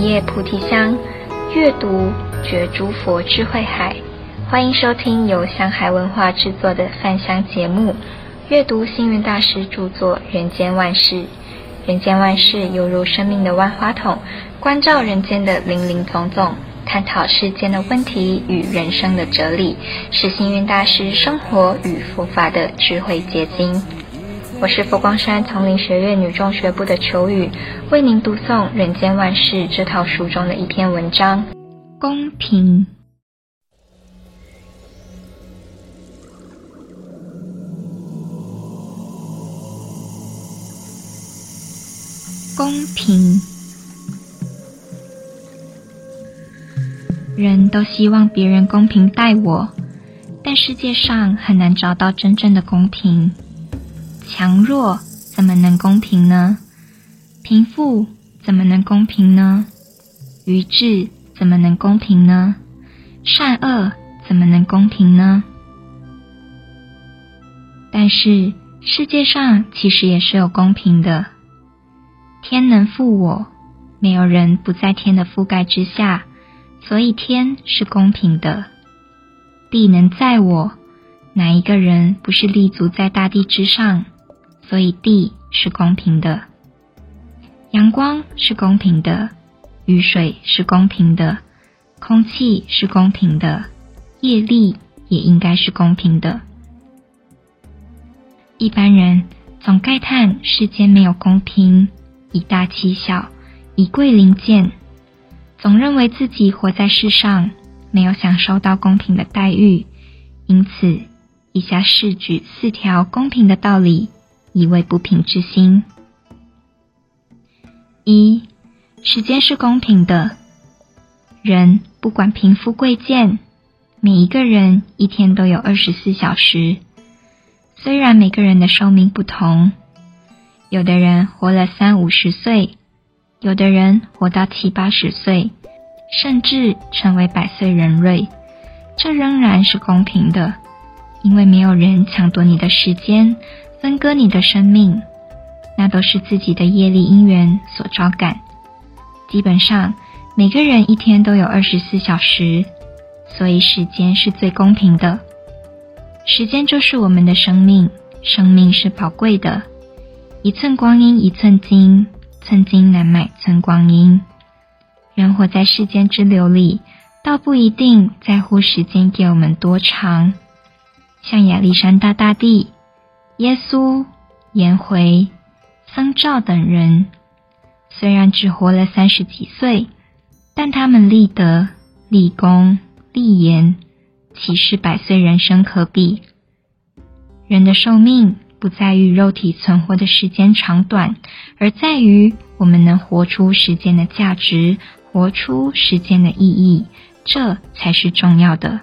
一葉菩提香，閱讀覺諸佛智慧海。歡迎收聽由香海文化製作的《FUN 香》節目，閱讀星雲大師著作《人間萬事》。人間萬事猶如生命的萬花筒，觀照人間的林林總總，探討世間的問題與人生的哲理，是星雲大師生活與佛法的智慧結晶。我是佛光山叢林學院女眾學部的秋雨，為您讀誦《人間萬事》這套書中的一篇文章。公平。公平，人都希望別人公平待我，但世界上很難找到真正的公平。強弱怎麼能公平呢？貧富怎麼能公平呢？愚智怎麼能公平呢？善惡怎麼能公平呢？但是世界上其實也是有公平的。天能覆我，沒有人不在天的覆蓋之下，所以天是公平的。地能載我，哪一個人不是立足在大地之上？所以，地是公平的，陽光是公平的，雨水是公平的，空氣是公平的，業力也應該是公平的。一般人總慨嘆世間沒有公平，以大欺小，以貴凌賤，總認為自己活在世上沒有享受到公平的待遇，因此以下試舉四條公平的道理，以慰不平之心。一，時間是公平的，人不管貧富貴賤，每一個人一天都有二十四小時。雖然每個人的壽命不同，有的人活了三五十歲，有的人活到七八十歲，甚至成為百歲人瑞，這仍然是公平的，因為沒有人搶奪你的時間。分割你的生命，那都是自己的業力因緣所招感。基本上，每個人一天都有二十四小時，所以時間是最公平的。時間就是我們的生命，生命是寶貴的。一寸光陰一寸金，寸金難買寸光陰。人活在世間之流裡，倒不一定在乎時間給我們多長。像亞歷山大大帝。耶穌、顏回、僧肇等人，雖然只活了三十幾歲，但他們立德、立功、立言，豈是百歲人生可比？人的壽命不在於肉體存活的時間長短，而在於我們能活出時間的價值，活出時間的意義，這才是重要的。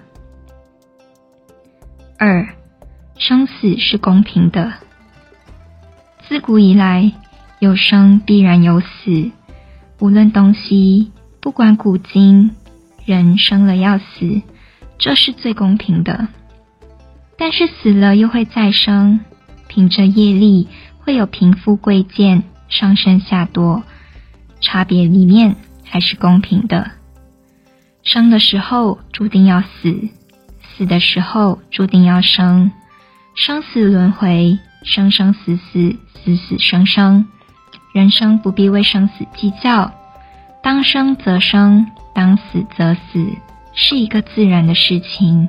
二。生死是公平的，自古以來有生必然有死，無論東西，不管古今，人生了要死，這是最公平的。但是死了又會再生，憑着業力會有貧富貴賤，上升下墮，差別裡面還是公平的。生的時候注定要死，死的時候注定要生。生死輪迴，生生死死，死死生生。人生不必為生死計較，當生則生，當死則死，是一個自然的事情。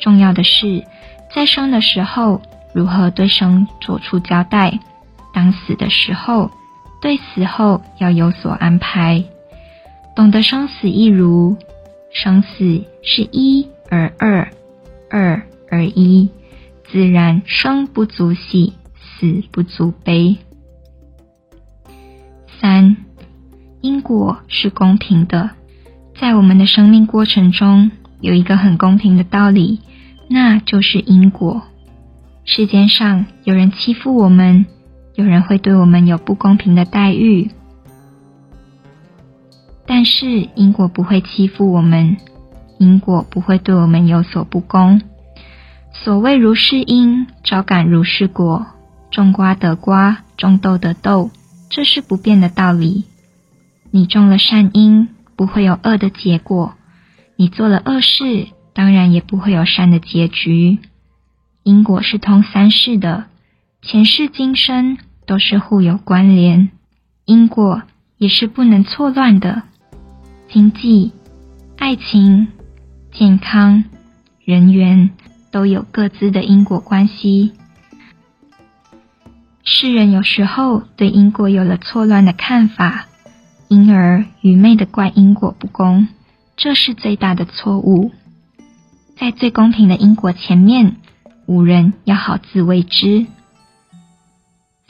重要的是在生的時候如何對生做出交代，當死的時候，對死後要有所安排。懂得生死一如，生死是一而二，二而一。自然生不足喜，死不足悲。三，因果是公平的，在我們的生命過程中有一個很公平的道理，那就是因果。世間上有人欺負我們，有人會對我們有不公平的待遇，但是因果不會欺負我們，因果不會對我們有所不公。所謂如是因，招感如是果；種瓜得瓜，種豆得豆，這是不變的道理。你種了善因，不會有惡的結果；你做了惡事，當然也不會有善的結局。因果是通三世的，前世今生都是互有關聯，因果也是不能錯亂的。經濟、愛情、健康、人緣。都有各自的因果關係。世人有時候對因果有了錯亂的看法，因而愚昧地怪因果不公，這是最大的錯誤。在最公平的因果前面，無人要好自為之。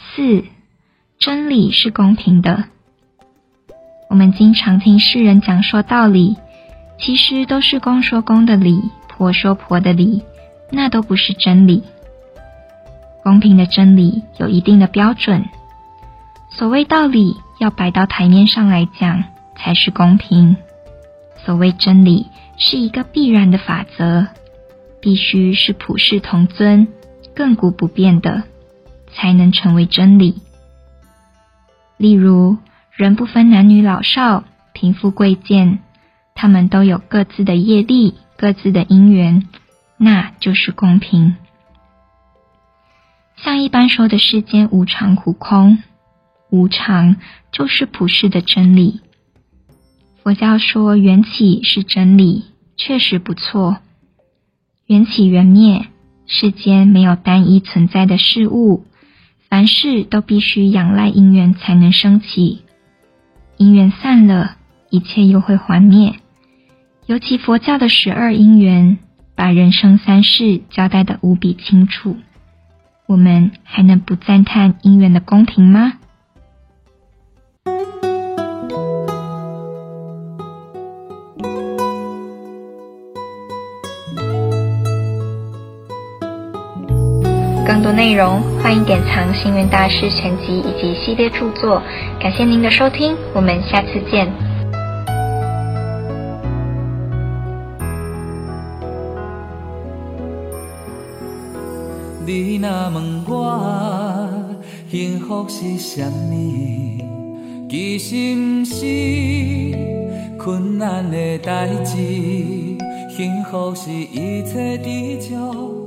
四，真理是公平的。我們經常聽世人講說道理，其實都是公說公的理，婆說婆的理。那都不是真理。公平的真理有一定的標準，所謂道理要擺到台面上來講才是公平。所謂真理是一個必然的法則，必須是普世同尊、亙古不變的，才能成為真理。例如，人不分男女老少、貧富貴賤，他們都有各自的業力、各自的因緣。那就是公平。像一般說的世間無常苦空，無常就是普世的真理。佛教說緣起是真理，確實不錯。緣起緣滅，世間沒有單一存在的事物，凡事都必須仰賴因緣才能生起，因緣散了，一切又會還滅。尤其佛教的十二因緣。把人生三世交代得無比清楚，我們還能不讚嘆姻緣的公平嗎？更多內容歡迎典藏星雲大師全集以及系列著作，感謝您的收聽，我們下次見。你若問我幸福是啥物，其實不是困難的代志，幸福是一切知足。